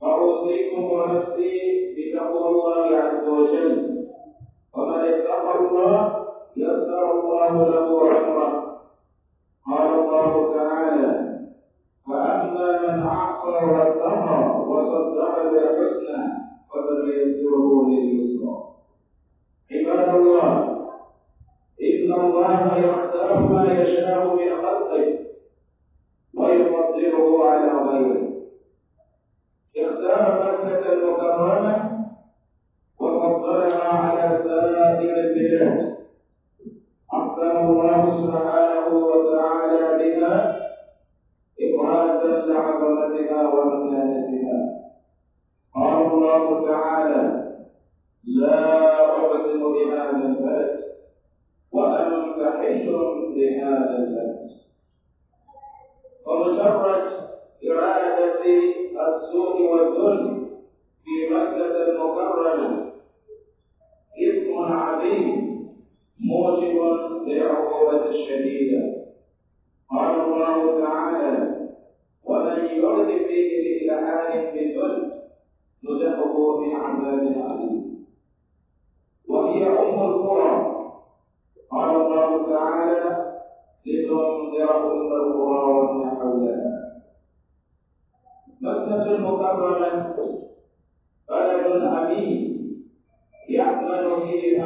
وأوصيكم ونفسي بتقوى الله عز وجل ومن اتقى الله يسر الله له رحمه قال الله تعالى فأما من أعصى واتقى وصدق بالحسنى فسنيسره لليسرى عباد الله إن الله يختار ما يشاء من خلقه ويقدره على غيره「あなたのこと」que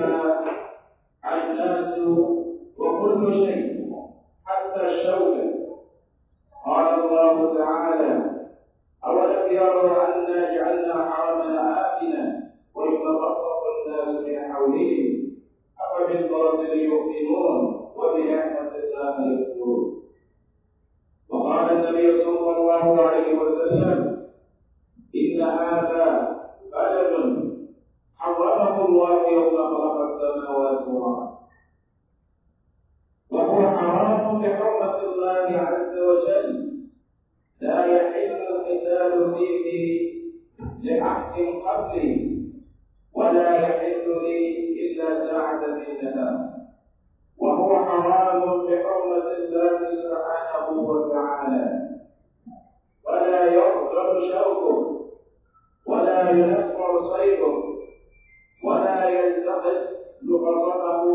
فرقه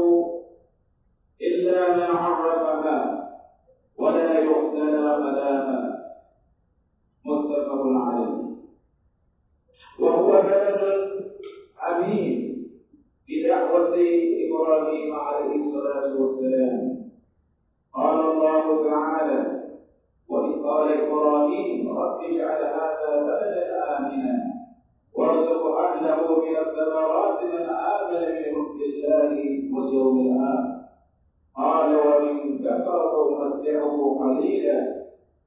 إلا ما عرف ما ولا يحسن قداما متفق عليه وهو بلد في دعوة إبراهيم عليه الصلاة والسلام قال الله تعالى وإذ قال إبراهيم رب اجعل هذا بلدا آمنا وارزق أهله من الثمرات واليوم الآخر قال ومن كفر فأمتعه قليلا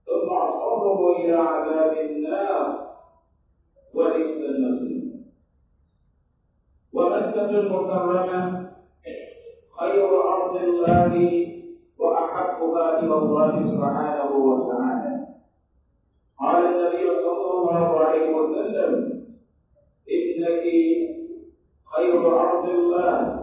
ثم أصرفه إلى عذاب النار وليس المسلم ومكة المكرمة خير أرض الله وأحبها إلى الله سبحانه وتعالى قال النبي صلى الله عليه وسلم إنك خير أرض الله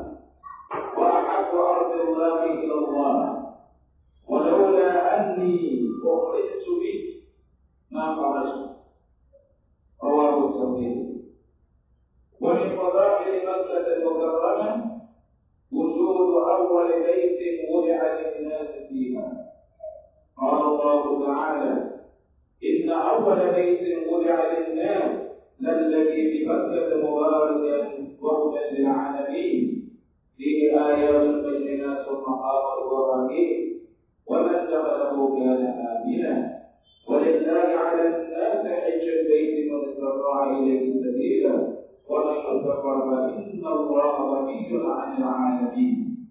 رب العالمين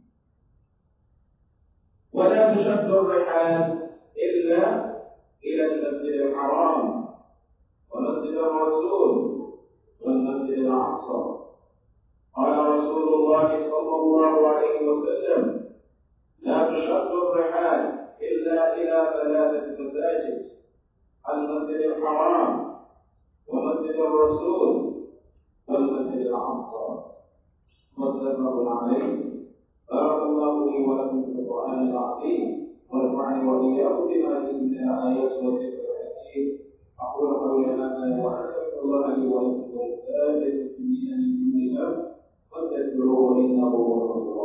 ولا تشد الرحال إلا إلى المسجد الحرام ومسجد الرسول والمسجد الأقصى قال رسول الله صلى الله عليه وسلم لا تشد الرحال إلا إلى ثلاثة مساجد المسجد الحرام ومسجد الرسول والمسجد الأقصى متفق عليه بارك الله لي ولكم في القرآن العظيم ونفعني وإياكم بما فيه ان الآيات والذكر الحكيم أقول قولي هذا وأستغفر الله لي ولكم ولسائر المسلمين من كل الله فاستغفروه إنه هو الغفور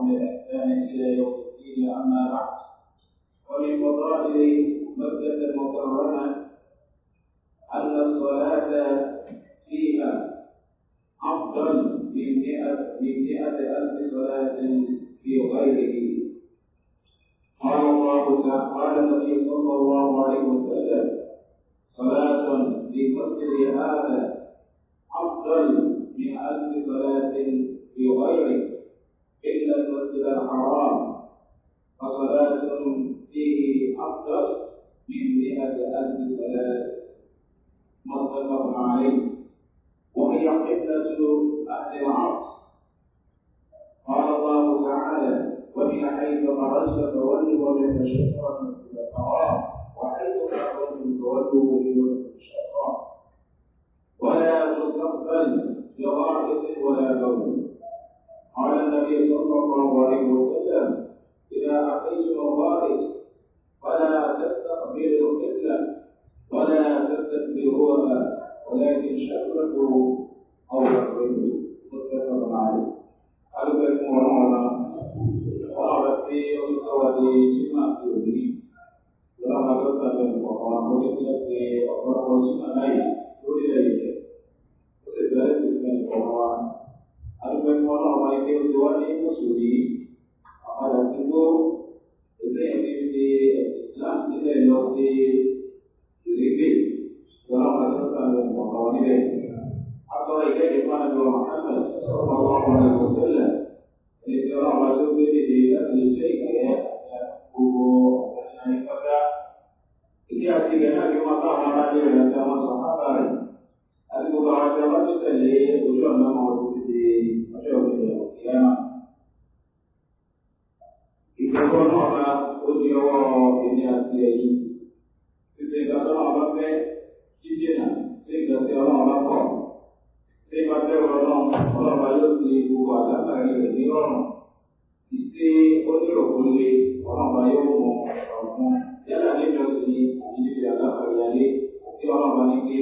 واتباعهم باحسان الى يوم الدين اما بعد ومن فضائل مكه المكرمه ان الصلاه فيها افضل من مئة من مئة ألف صلاة في غيره قال الله تعالى قال النبي صلى الله عليه وسلم صلاة في مثل هذا أفضل من ألف صلاة في غيره حرام فصلاة فيه أكثر من مئة ألف صلاة متفق عليه وهي قبلة أهل العرش قال الله تعالى ومن حيث خرجت فول وجهك شطر المسجد الحرام وحيث خرجت فول وجوهكم شطره ولا تستقبل بغائط ولا لون قال النبي صلى صلى الله عليه وسلم إذا أتيت الغائب فلا تستقبل القبلة ولا تستدبرها ولكن شكرته أو شكرته متفق عليه أبدا مرحبا وأعرف في أسوة جمع في ولما قلت من القرآن وجدت في أقرأ جمع لي ولذلك وكذلك من القرآن adúgbò ẹ̀kọ́ náà wáyé pé ó ti wá ní mùsùlùmí àpàdà tí ó ilé ẹ̀mí fi láti nílẹ̀ lọ sí ìrìbì wọn àwọn àdúgbò àwọn ọ̀pọ̀ níbẹ̀. Àtọ́rọ̀ ìlẹ́ ìfọ́ àjọ Mùhàmmad ọ̀pọ̀ ọ̀pọ̀ ẹ̀kọ́ sílẹ̀ ní ti ọlọ́pàá tó gbé dìde láti lè jẹ́ ìgbẹ́ gbogbo ọ̀sán ìfọ́dá. Ìdí àti ìgbẹ́ náà ni wọ́n bá àwọn aráàlú rẹ̀ àti àwọn sọ̀hábà rẹ̀ àti di ọjọ́ ìpínlẹ̀ ọ̀kẹ́yà. Ìgbàgbọ́ náà ra ó di ọwọ́ èmi àti ẹ̀yìn. Títí ìgbà tó náà bá fẹ́ jíjìnà sí ìgbà tí ọlọ́run bá kọ̀. Tí ìgbà tẹ́ ọ̀rọ̀ náà ọlọ́run bá yóò ti gbogbo àdáta rẹ̀ ní ọ̀rùn. Ìdí ó ní ọlọ́run bá yóò mọ ọ̀gbun. Yálà níjọ sí àbí àdáta rẹ̀ yálé ọlọ́run bá ní pé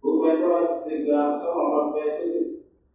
gbogbo ẹjọ́ ti gba sọ́wọ́n bá fẹ́ tó ti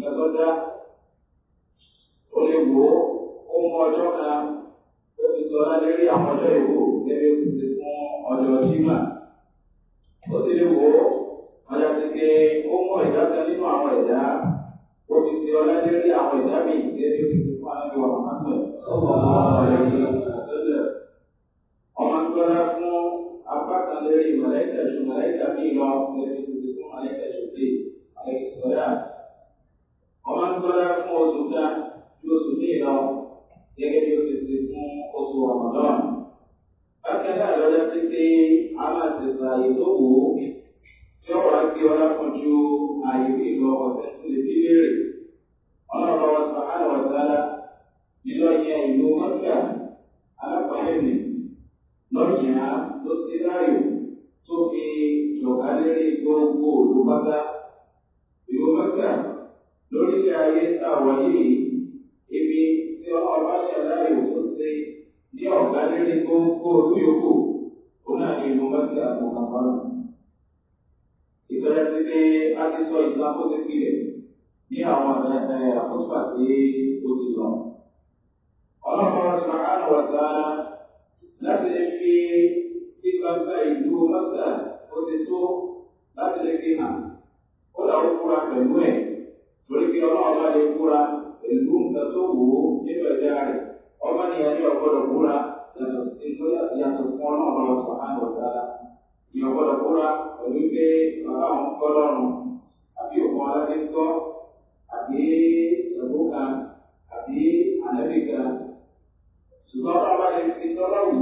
nǹkan ó lè wò ó ó mú ọjọ́ kan ó ti sọ lórí àwọn ọjọ́ ìwò níbi kò sí fún ọjọ́ jimá ó sì lè wò ó ọjọ́ ti gé ó mú ní àwọn àkóso tí ó ti lọ. ọlọ́pàá sọ̀rọ̀ àwọ̀dá láti lè fi gbígbàgbà ìlú mọ́tà ó ti tó láti lè fi hàn. ó làwọn fúra pẹ̀lú ẹ̀ torí pé ọlọ́run bá lè fúra pẹ̀lú nǹkan tó wò ó nínú ẹ̀dá rẹ̀ ọmọ nìyẹn ní ọ̀gbọ́dọ̀ fúra yàtọ̀ sí tó yàtọ̀ fún ọlọ́run sọ̀rọ̀ àwọ̀dá ní ọ̀gbọ́dọ̀ fúra pẹ̀lú pé bàbá àwọn kọ́ lọ́rùn àbí òkun alágbé ń tọ́ àbí ìṣòro kan àbí àlẹ́bí kan ṣùgbọ́n bá wá lè fi tọ́lá wò ó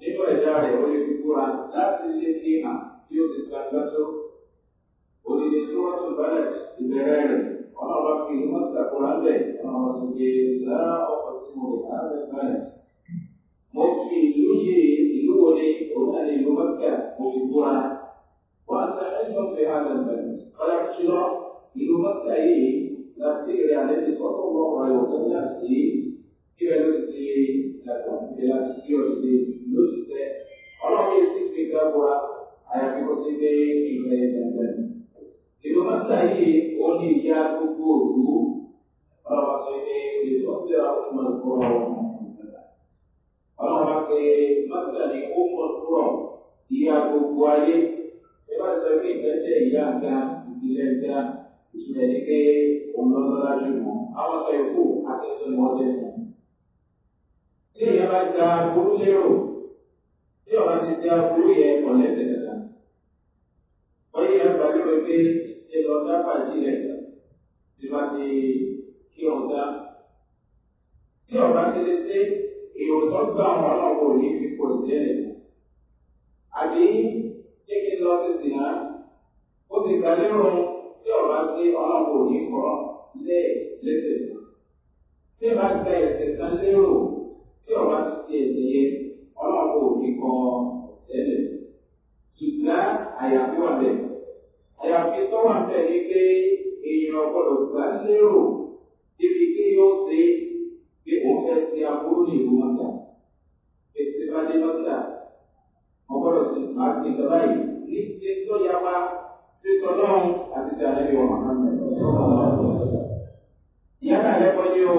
nínú ẹ̀dá rẹ̀ ó lè fi kúra láti lè fi hàn bí ó ti gba gbàtó òdìdí tí wọ́n tún bá rẹ̀ ìbẹ̀rẹ̀ rẹ̀ ọ̀nà bá fi wọ́n ṣàkóra lẹ̀ ọ̀nà ọ̀sìn yé ìlà ọkọ̀ tí mo lè hàn lẹ́gbẹ̀ẹ́ rẹ̀. mo fi ìlú yìí ìlú wọlé òun náà ìlú mọ́kà mo fi kúra wọ́n á sẹ́yìn ìlú mọ́tà yìí láti rẹ̀ alẹ́ ti sọ fún ọmọ rẹ̀ ọ̀tún láti kí rẹ̀ ló ti ṣe ìdàgbà ìdè láti kí ọ̀ṣẹ̀ ló ti tẹ̀. ọlọ́run yìí ti fi gbàgbọ́ àyàfi kó ti dé ìgbà ìdàgbà. ìlú mọ́tà yìí ó ní ìyá gbogbo òkú ọlọ́run ti ní ìlú ọ̀sẹ̀ ọ̀tún máa ọlọ́run bá pe mọ́tà ní ó mọ̀ ìyá gbogbo ayé ẹ ìtumọ̀ ní pé òun lọ sọ́dá jù mọ́ àwọn sọ èkó akẹ́kọ̀ọ́ ni wọ́n jẹ́ mọ́. tí èèyàn bá gba aburú lérò tí ọ̀rọ̀ ti di aburú yẹn kàn lẹ́sẹ̀ kẹta wọ́n yẹ ẹgbàá lérò pé ṣe lọ dábàá jílẹ̀ tí bá ti kí ọ̀dá. tí ọ̀rọ̀ ti lè ṣe èrò tó gbà wọn ọlọ́wọ́ ní fipò ìjẹ́lẹ̀ àbí ṣé kí n lọ sí sìnà ó ti gbà lérò wọn tí ọ̀rọ̀ àti ọlọ́pàá òní kọ́ lé lẹ́sẹ̀. Tí ìbá gba ẹ̀sẹ̀ kan lérò tí ọ̀rọ̀ àti ti ẹ̀sẹ̀ yẹ ọlọ́pàá òní kọ́ tẹ̀lé. Ṣùgbọ́n àyàfi wà lẹ̀. Àyàfi tó wà tẹ̀ ní pé èèyàn gbọ́dọ̀ gbà lérò débi kí yóò ṣe pé ó fẹ́ ti aburú ní ìlú mọ́tà. Èsì bá dé lọ́tà. ti títọ́ lọ́run àti ti àlejò mohammed. ìyára ẹ̀kọ́ ni o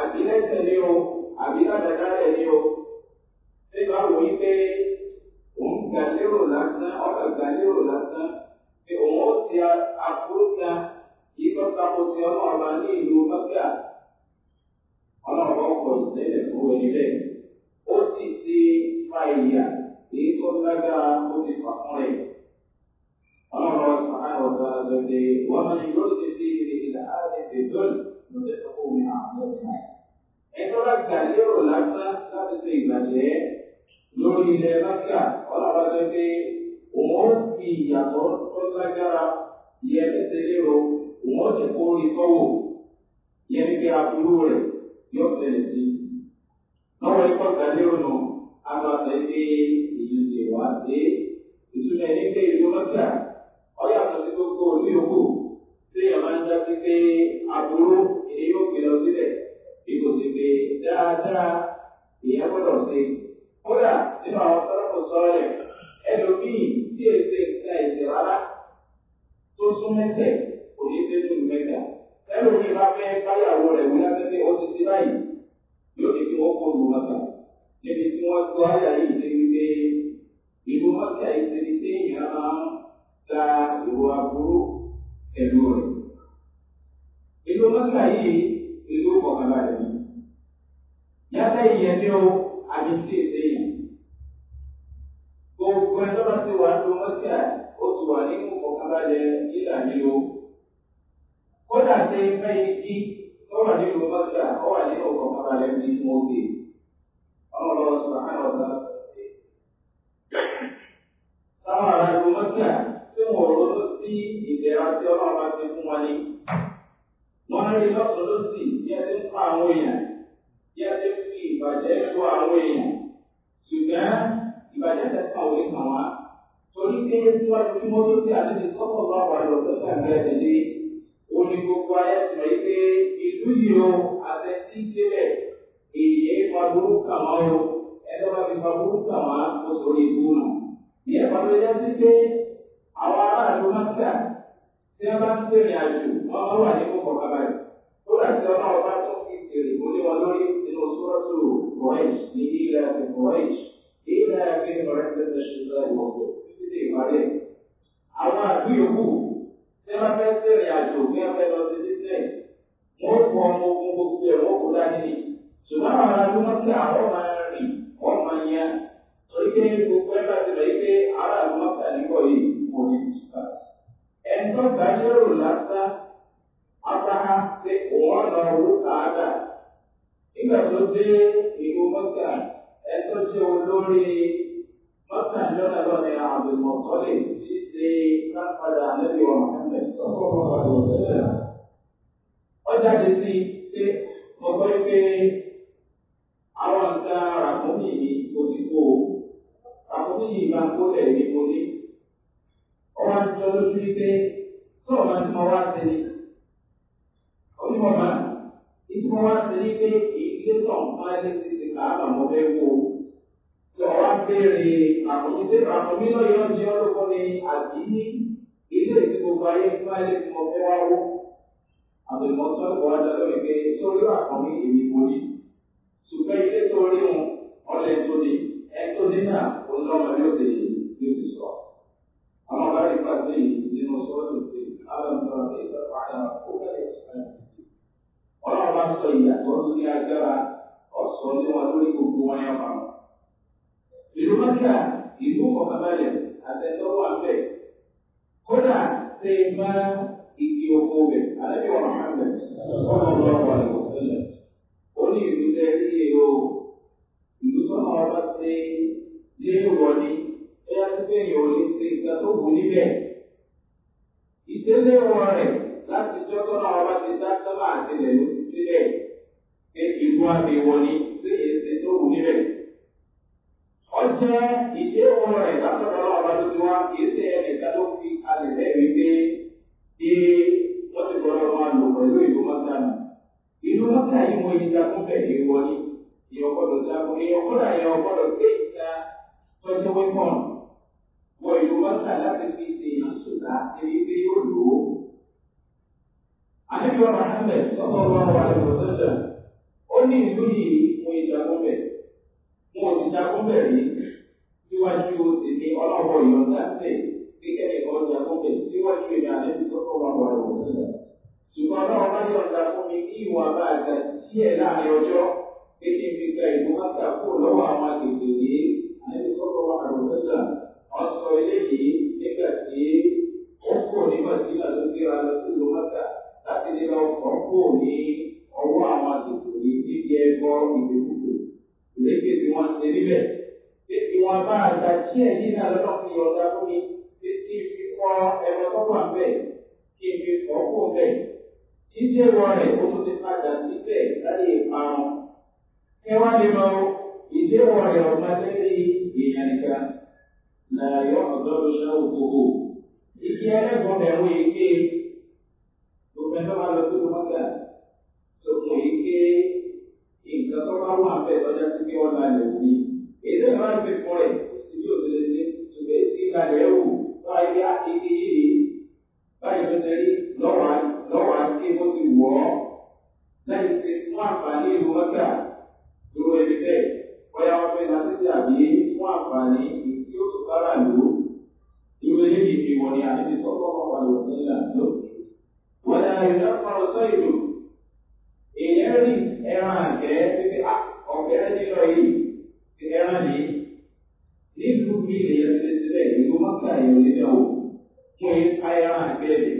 àbí lẹ́sẹ̀ ni o àbí ládàdàlẹ̀ ni o nígbà wo yí pé òun gbà lérò lásán ọ̀rọ̀ gbà lérò lásán pé òun ó ti àfúrúgba yìí tó tako ti ọlọ́ọ̀ba ní ìlú mẹ́kà ọlọ́ọ̀ba ọkọ̀ ìṣẹ̀lẹ̀ fún ẹni bẹ́ẹ̀ ó sì ti fa ìyà èyí tó lágbára ó ti fà fún ẹ̀. قال الله سبحانه وتعالى ومن يرد فيه لإلحاد بظلم نذقه من عذاب النار ẹjọ́ láti àlérò lásán láti ṣe ìgbàjẹ́ lórí ilẹ̀ mẹ́kà ọlọ́pàá pé òun fi ìyàtọ̀ tó lágbára yẹ tẹ́tẹ́ lérò òun ti kó ìtọ́wò yẹ ní kí aburú rẹ̀ yóò tẹ̀lé sí i. lọ́wọ́ ikọ̀ ìgbàlérò nù agbàtà pé èyí gbogbo òní òkú tí ọ̀rọ̀ ń dá sí pé aburú èyí yóò gbé lọ sílẹ̀ bí kò sì pé dáadáa ìyá gbọ́dọ̀ sí. kódà nínú àwọn sọ́dọ̀kọ̀ sọ́ọ̀rẹ̀ ẹlòmíì tí èsè ìta ẹ̀sẹ̀ rárá tó sún mẹ́sẹ̀ kò ní ṣe nínú mẹ́ta. ẹlòmíì bá fẹ́ báyàwó rẹ̀ wúlá pẹ́pẹ́ ó ti ti báyìí yóò ní kí wọ́n kó lu mọ́ta níbi tí wọ́n gbọ́ àyà yìí ṣe wípé ìlú mọ́ta ìṣèlú tí èèyàn máa ta ìwà burú pẹ̀lú rẹ̀. Ìlú Mọ́sílá yìí ìlú kọ̀ọ̀kanlá rẹ̀ ni. o, sí yìí. Gbogbo ẹjọ́ náà ti wà nínú Mọ́sílá, ó ti wà nínú kọ̀ọ̀kanlá rẹ̀ nílà nílò. Kódà ṣe fẹ́ igi tó nínú Mọ́sílá, ó nínú kọ̀ọ̀kanlá rẹ̀ ní Ọlọ́run sọ̀rọ̀ ìdẹ̀ra tí ọlọ́run bá ti fún wọn ni. wọ́n rí lọ́sùn lọ́sì bí ẹ ti ń pa àwọn èèyàn bí ẹ ti fi ìbàjẹ́ lu àwọn èèyàn ṣùgbọ́n ìbàjẹ́ tẹ̀sán òwe kàn wá. torí pé síwájú kí mo tó ti àdéhùn sọ́kọ̀ bá wà lọ sọ́kọ̀ àgbẹ̀ tẹ̀lé ó ní gbogbo ayé sọ yìí pé ìlú yìí o àtẹ̀sí débẹ̀ èyí ẹ̀ fa burúkú àwọn o ẹ̀ lọ́ba fi fa burúkú àwọn o sọ̀rọ̀ ìbú nù. ìyẹn pàtó yẹ sí pé àwọn aráàlú máa ń tẹ̀ tí wọ́n bá ń tẹ̀lé àjò wọ́n wà ní kókò kábàlì. ó dà sí ọmọ ọba tó fi tèrè múlé wọn lórí nínú sọ́ọ̀tù kọ́ẹ̀jì ní ilẹ̀ àti kọ́ẹ̀jì ilẹ̀ àti kọ́ẹ̀jì tẹ̀sẹ̀ ṣùgbọ́n ìwọ̀n tó ti dé ìpàdé. àwọn àdúyòkù tí wọ́n fẹ́ tẹ̀lé àjò ní ọ̀fẹ́ lọ sí dísẹ̀ wọ́n kọ́ ọmọ ogun gbogbo ẹ̀ wọ́n kó dání. ṣùgbọ́n àwọn adúmọ̀ tí àwọn máa fẹ́ wò ó. Lọ́wọ́ béèrè àkọsíṣẹ́ àkọ́mí náà yọ ní ọlọ́kọ ni àbí ní ilé tí gbogbo ayé fún ayé tí mo fẹ́ wá wó. Àbẹ̀mọ́ tó ń bọ̀ ajá lórí pé sórí àkọ́mí èmi kò ní. Ṣùgbọ́n ilé tó rí wọn ọlẹ́ tó ní ẹ tó ní náà òun náà wọlé sọ. Àwọn bá rí pàdé nínú sọ́ọ̀tù pé alámọ̀tàn àti ìtàkùn àyà kó bẹ̀rẹ̀ sí ọlọ́run bá sọ ìyàtọ̀ ní agbára sọ ní wọn lórí gbogbo wọn yẹn wà. ìlú mọ́kà ìlú kọ̀kàbalẹ̀ àtẹ̀tọ́wọ́ àfẹ́ kódà ṣe bá igi oko rẹ̀ alẹ́ wọn hàmẹ̀ ọmọ ọlọ́wọ́ àlọ́ sílẹ̀. ó ní ìlú tẹ sí èrò ìlú sọ́nà ọba ṣe ní ìwọlé ó yá sí pé èèyàn ò lè ṣe ìgbà tó wù níbẹ̀. ìdílé wọn rẹ̀ láti jọ́ sọ́nà ọba ti dá sọ́nà àtìlẹ́yìn sílẹ̀. ìlú àti ìwọlé èsì tó wù níbẹ̀. ọjọ́ ìdí òun rẹ̀ látọ̀dọ̀ ọ̀rọ̀ ló ti wá èsì ẹnìkan ló fi alẹ̀ lẹ́rìí pé bí wọ́n ti gbọ́dọ̀ máa lò pẹ̀lú ìlú mọ́tà nù. ìlú mọ́tà yìí mo yí dakúnfẹ̀ ní wọlé ìyọ̀gbọ́dọ̀ dakún ìyọ̀gbọ́dọ̀ ìyọ̀gbọ́dọ̀ gbé ìta tọ́jú wípọ̀n wọ ìlú mọ́tà láti fi ṣe ìyànsùdá ẹni pé yóò lò ó. àdébíwá mahammed sọ́kọ́ ọlọ́run àlùfọ́ sọ́jà ó ní ìlú yìí wọn ti jagun bẹ̀rẹ̀ síwájú èmi ọlọ́wọ́ ìyọ̀ǹda pé pé ẹnìkan jagun bẹ̀rẹ̀ síwájú èmi àlejò tó kọ́ wà wà lọ́wọ́ ṣùgbọ́n náà wọ́n yọ̀ǹda fún mi kí ìwà bá a gbà díẹ̀ láàrin ọjọ́ pé kí n fi gba ìlú máta kúrò lọ́wọ́ àwọn agbègbè yìí àlejò tó kọ́ wà lọ́wọ́ sílẹ̀. wọ́n sọ eléyìí nígbà tí ó kò ní màsílà ló gbéra lọ lọ ìrèké tí wọ́n ṣe níbẹ̀ èsì wọn bá àgbà tí ẹ̀yìn náà lọ́lọ́kùn yọ ọ̀dà fún mi títí fi kọ́ ẹ̀rọ tó wà bẹ́ẹ̀ kí n fi kọ́ kó bẹ́ẹ̀ jíjẹ́ rẹ̀ kó tó ti padà síbẹ̀ láyé ìparun ẹ wá lè lọ ìdéwọ̀ rẹ̀ ọ̀gá lẹ́yìn èèyàn nìkan làyọ̀ ọ̀dọ́ ìṣàwò gbogbo ìdí ẹlẹ́gbọ̀n rẹ̀ wọ èké gbogbo ẹ̀ lọ́wọ́ lọ sí nǹkan tó bá wà bẹ́ẹ̀ lọ́jọ́ sí pé wọ́n lálẹ́ òní. èdè máa ń fi fún ẹ̀ sí bí òṣèlè ṣe ṣùgbọ́n èsì ìlànà ẹ̀wò tó ayé akéde yìí báyìí ló tẹ̀lé lọ́wọ́ àti bó ti wọ̀ ọ́ lẹ́yìn tí fún àǹfààní ìlú mọ́tà dúró ẹni bẹ́ẹ̀ bóyá wọ́n fẹ́ lọ sí àbí fún àǹfààní tí ó tún bára lò ó dúró eléyìí fi wọ́n ni àti ẹran ti era ali, nem yìí nílùú mi lèyàn ti lè sílẹ̀ ìlú mọ́tà ìròyìn náà fún ẹran àgbẹ̀rẹ̀.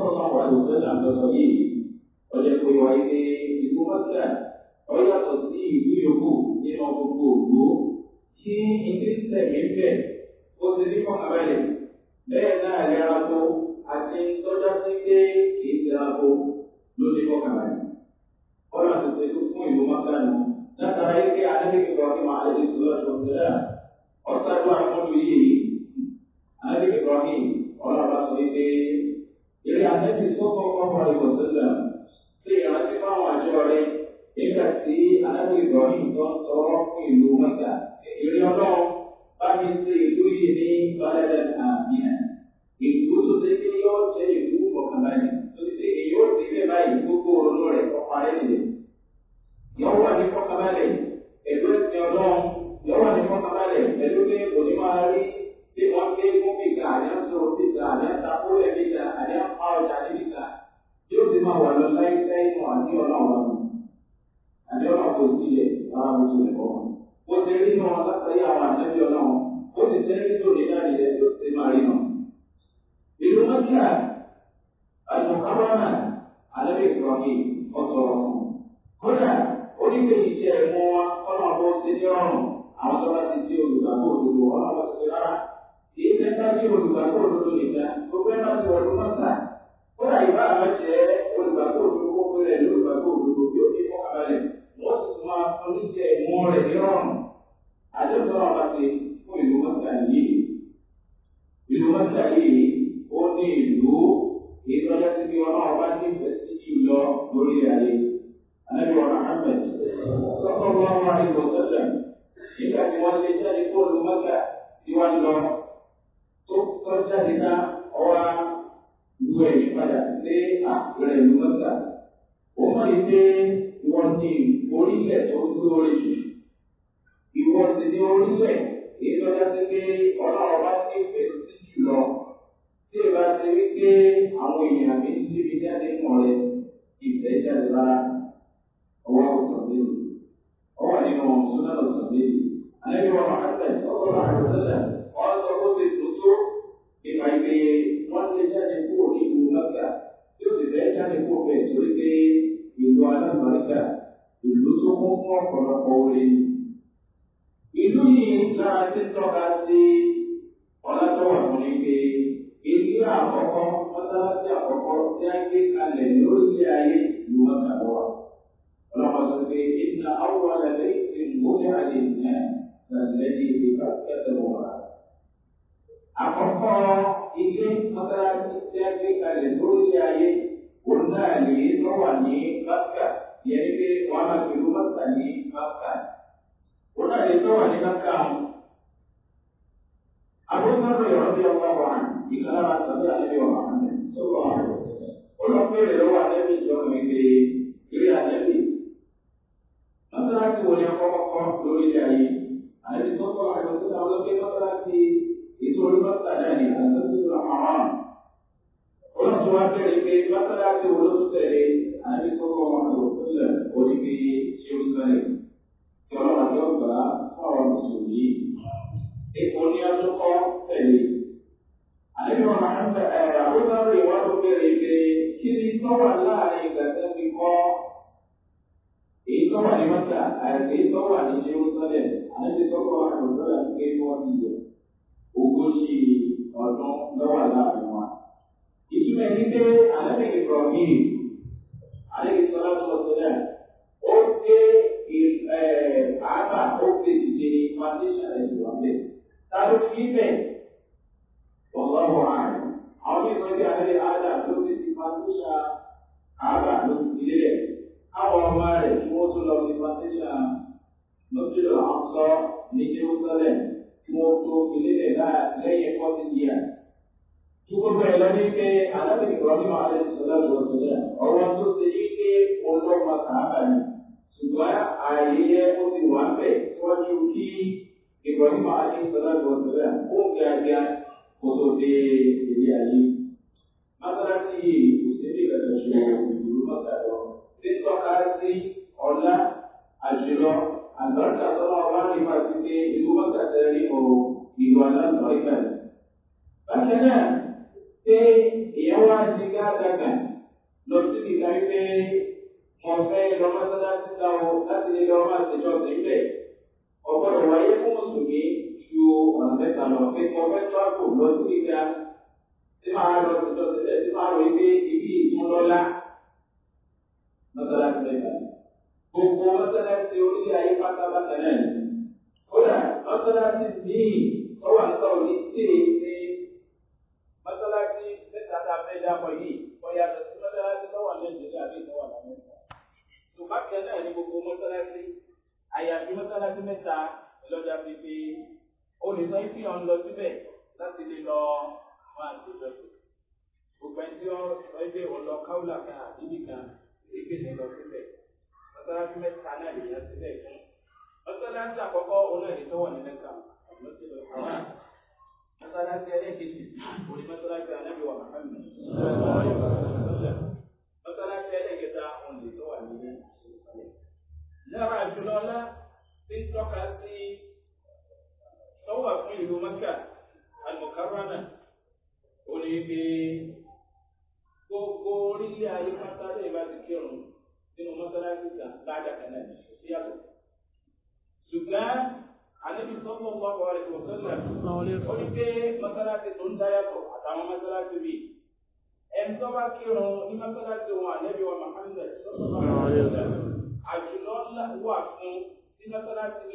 sọ́kàn wà ní sẹ́lá lọ́sọ yìí ọjọ́ pé wà ilé ìlú mọ́tà ọ yàtọ̀ sí ìlú yòókù nínú gbogbo ògbó tí ilé sẹ̀mí bẹ̀ ó ti ní fọ́nàbẹ̀lẹ̀ bẹ́ẹ̀ náà rí aago àti tọ́já sí pé kì í ti aago ló ní fọ́nàbẹ̀lẹ̀ ọ̀nà àtẹ̀tẹ̀ tó fún ìlú mọ́tà nù látara ilé alẹ́ kékeré wa máa lè tó ń tẹ̀lé ọ̀sán النبي صلى الله عليه وسلم في عجمة وعجوري إذا في أنا إبراهيم صار في مكة يقول لهم بعد سيدويني بلدا ju ọdún mọ́ta kódà ìbá àwọn jẹ́ olùgbàgbọ́ òdòdó kó rẹ̀ ní olùgbàgbọ́ òdòdó bí ó ti fọkàbalẹ̀ wọ́n sì tún máa fún ní jẹ ìmú rẹ̀ nírọ̀rùn àdéhùn náà bá ti fún ìlú mọ́ta yìí ìlú mọ́ta yìí ó ní ìlú ìtọ́jà sí bí ọlọ́run bá ní ìfẹ́ sí jù lọ lórí ayé anábì wọn ahmed sọ́kọ́ wọn wá tí wọ́n lé jáde kó olùmọ́ta tí wọ́n lọ tó tọ́jà níta ọ̀rá ìlú ẹ̀yìn padà sí àpẹẹrẹ ìlú mẹ́ta. Ó mọ̀ ní pé wọ́n ní orílẹ̀ tó lóore jù. Ìwọ sì ní orílẹ̀ èyí tó dájú pé ọlọ́run bá nífẹ̀ẹ́ sí jùlọ. Tí ìbá ti rí pé àwọn èèyàn mi ń síbi jáde mọ̀ rẹ̀ ìfẹ́ jáde lára. Ọwọ́ àwùjọ mi rè. Ọwọ́ nínú ọ̀sùn náà lọ́sàn mi rè. Àlẹ́ mi wọ́n máa ń tẹ̀ ọ̀pọ̀ àwọn ọ̀sẹ̀ náà. Ọ̀sọ̀ ó ti tó tó nípa ìgbéyẹ̀ gbàgbà ìlú tó kún fún ọ̀pọ̀lọpọ̀ orí ni. ìlú yìí náà ti tọ́ka sí ọ̀làjọ́wà fún ni pé ìlú àkọ́kọ́ mọ́sálásí àkọ́kọ́ tí a gbé kalẹ̀ lórí ayé ni wọ́n tàbọ̀ wá. ọlọ́pàá sọ pé ìnà àwọn àlẹ́ ìgbóni àlè ìyẹn lẹ́yìn ìgbà kẹtẹ̀ wọ̀ wá. àkọ́kọ́ ilé mọ́sálásí tí a gbé kalẹ̀ lórí ayé òun náà lè lọ́wà ní bákà yẹn pé wọn máa pẹ̀lú bàtà ní bàtà wọn náà lè tọ́wà ní bàtà àwọn. àbúrò rẹ̀ rọ́bì ọgbà wà nígbà lára sọ́dọ̀ àlẹ́ wà sọ́dọ̀ àwọn olùkọ́rẹ̀ lọ́wọ́ àlẹ́bí ìjọba mi pé eré àlẹ́bí. mọ́tàláṣí wo ni ọkọ̀ lórí ilé ayé àlẹ́bí tó kọ́ àjọ tó ta ọlọ́gbẹ́ mọ́tàláṣí ètò olùbọ́sà náà ní àtúntò àwọn ọ̀rọ̀ ọlọ́run wá bẹ̀rẹ̀ pé mọ́sálásí wo ló tún tẹ̀lé àdékọ́kọ́ wọn lò sílẹ̀ oríkì jerusalem tí ọlọ́run àti ọgbà fọ̀rọ̀ mùsùlùmí èkó ní atúkọ́ tẹ̀lé. àdéhùn mahamud ẹ̀rọ àbúrò wa ló bẹ̀rẹ̀ pé kí الخليل عليه الصلاة والسلام ó gbé àbá eh, ó gbé ìdíje foundation rẹ̀ ti wà bẹ́ẹ̀. Tábí fi bẹ̀ ọ̀lọ́wọ́ àrùn. Àwọn bí wọ́n gbé abẹ́rẹ́ àdá ló ti fi foundation àbá ló ti fi lélẹ̀. Àwọn ọmọ rẹ̀ tí wọ́n tún lọ fi foundation lókèlò àǹsọ́ ní Jerusalem tí wọ́n tó fi lélẹ̀ lẹ́yìn forty years. Tukọ̀ bẹ̀rẹ̀ lọ́dún pé alábẹ̀rẹ̀ ìrọ̀lẹ́ máa lẹ́ ọwọ́ tó ṣe yí pé ọlọ́mọ sàábà ni ṣùgbọ́n ààyè ó ti wà ń bẹ̀ síwájú kí ìbọ̀nìmọ̀ àti ìsọ̀lágbọ̀ ọ̀sọ̀lá ó ń gàgà kó tó dé ilé ayé. Mọ́sálásí òṣèlú ìbẹ̀rẹ̀ ṣe ìlú mọ́sálọ́. Títọ́ka sí ọ̀la àjùlọ àgbàrúkà tọ́lá ọba ní ìfà sí pé ìlú mọ́sálásí rí o ìlú aláǹtọ̀ ìbẹ̀rẹ̀. Bákan náà, ṣé ìyẹn wá sí gáàgàgà lọ sí ìgbà wípé wọn fẹ́ lọ mọ́sálásí láwọn láti lè lọ máa ṣèjọ sílẹ̀ ọgbọ́dọ̀ wáyé fún mùsùlùmí ju ọ̀nà mẹ́ta lọ pé wọn fẹ́ tó àpò lọ sí ìgbà tí máa lọ ṣèjọ sílẹ̀ tí máa rò wípé ibi ìtúnlọ́lá mọ́sálásí lẹ́gbàá gbogbo mọ́sálásí orílẹ̀ ayé pátápátá náà ni kódà mọ́sálásí míì ọwọ́ àtọ̀ ní tèè ní mọ́sálásí mẹ́ta tá a fẹ́ dápọ̀ yìí. bákan náà ní gbogbo mọ́sálásí àyàfi mọ́sálásí mẹ́ta lọ́jà pépé ó lè sọ ife ọ̀n lọ síbẹ̀ láti lè lọ máa ṣe lọ́sẹ̀. gbogbo ẹni tí wọ́n sọ ife ọ̀n lọ káwùlà kan àbíbí kan èké lè lọ síbẹ̀ mọ́sálásí mẹ́ta náà lè yá síbẹ̀ fún. mọ́sálásí àkọ́kọ́ òun náà lè tọ́wọ̀ ní mẹ́ta mọ́sálásí ẹlẹ́kejì òní mọ́sálásí anábìwọ̀ màkàmì. àjùlọ wà fún sí national tv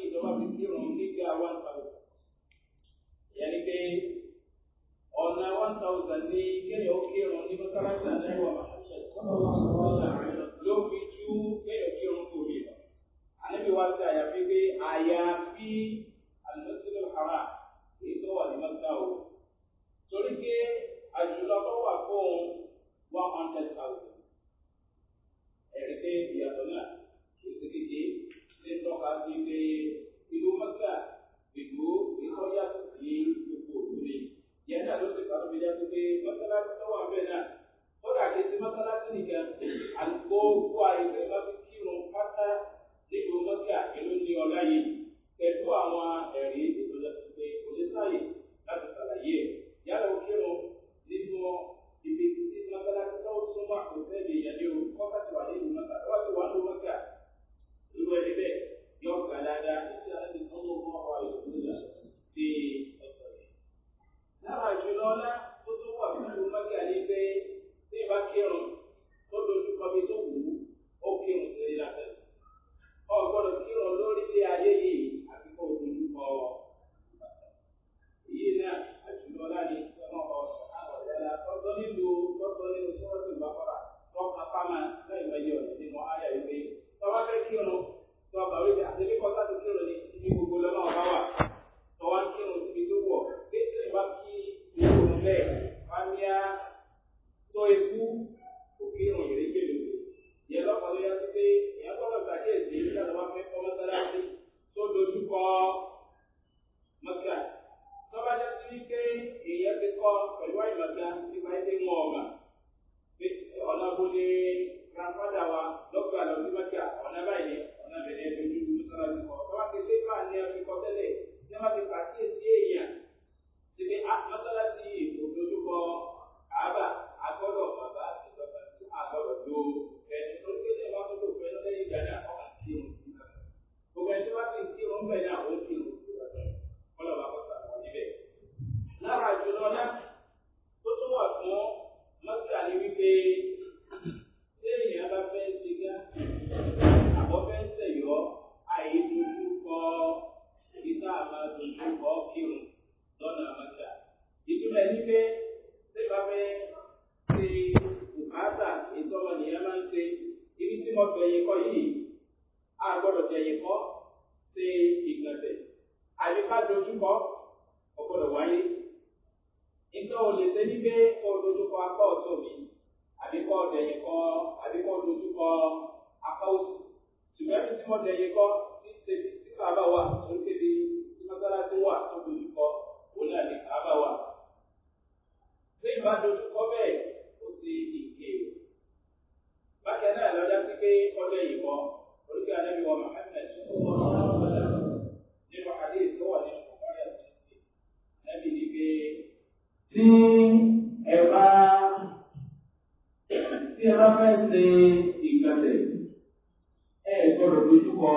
gbọdọ̀ dojú kọ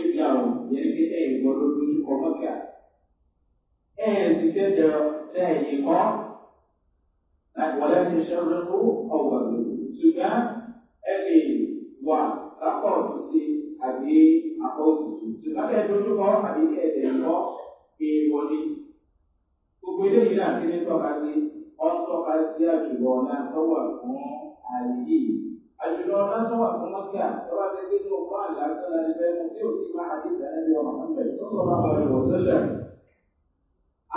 ẹgbẹ́ àrùn yẹn ní ẹ̀ gbọdọ̀ dojú kọ mọ́kà. ẹ̀ ti fẹ́ jẹ lẹ́yìn kọ́ wọlé ní sọ́dọ̀ tó ọ̀wà lòdù ṣùgbọ́n ẹ lè wà lápọ̀ títí àbí àpọ̀ òtútù ṣùgbọ́n ẹ dojú kọ àbí ẹ̀dẹ̀ kọ́ èèwọ̀ ni. gbogbo eléyìí náà ti ní tọ́ka sí ọ́n tọ́ka sí àjùbọ̀ náà tọ́wà fún àyè yìí àjùlọ lásán wà fún mọ́kíà tó bá fẹ́ gbẹ́nu ọ̀pá àlá tó la lè fẹ́ mú tí ò sí máa àdéhùn ẹ̀rẹ́bí ọmọ àmì tó sọ máa wà lọ sẹ́lẹ̀.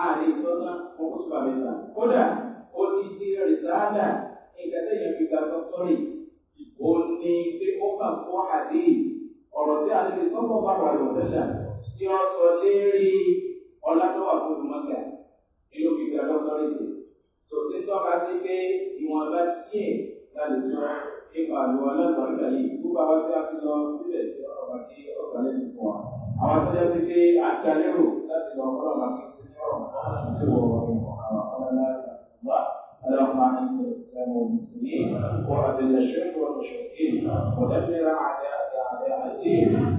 ààrẹ ìtọ́nà ọkọ̀ tó bàbá ìgbà kódà ó ti di rẹ̀ sáádà nígbà tẹ̀yẹ̀ fi gbà sọ sọ́rí ó ní pé ó kà fún àdéhùn ọ̀rọ̀ tí a lè fi sọ́kọ̀ bá wà lọ sẹ́lẹ̀ tí wọ́n sọ lérí ọlá tó nípa àlùwà alágbàáyà yìí gbogbo àwọn tí a ti lọ sílẹ̀ sí ọ̀rọ̀ àti ọ̀gá lẹ́nu fún wa. àwọn tí a ti dé àti alérò láti lọ ọ̀rọ̀ àti ìṣòro àti ìwọ̀ àwọn ọ̀nà alágbàá اللهم اعز الاسلام والمسلمين واذل الشرك والمشركين ودمر اعداءك اعداء الدين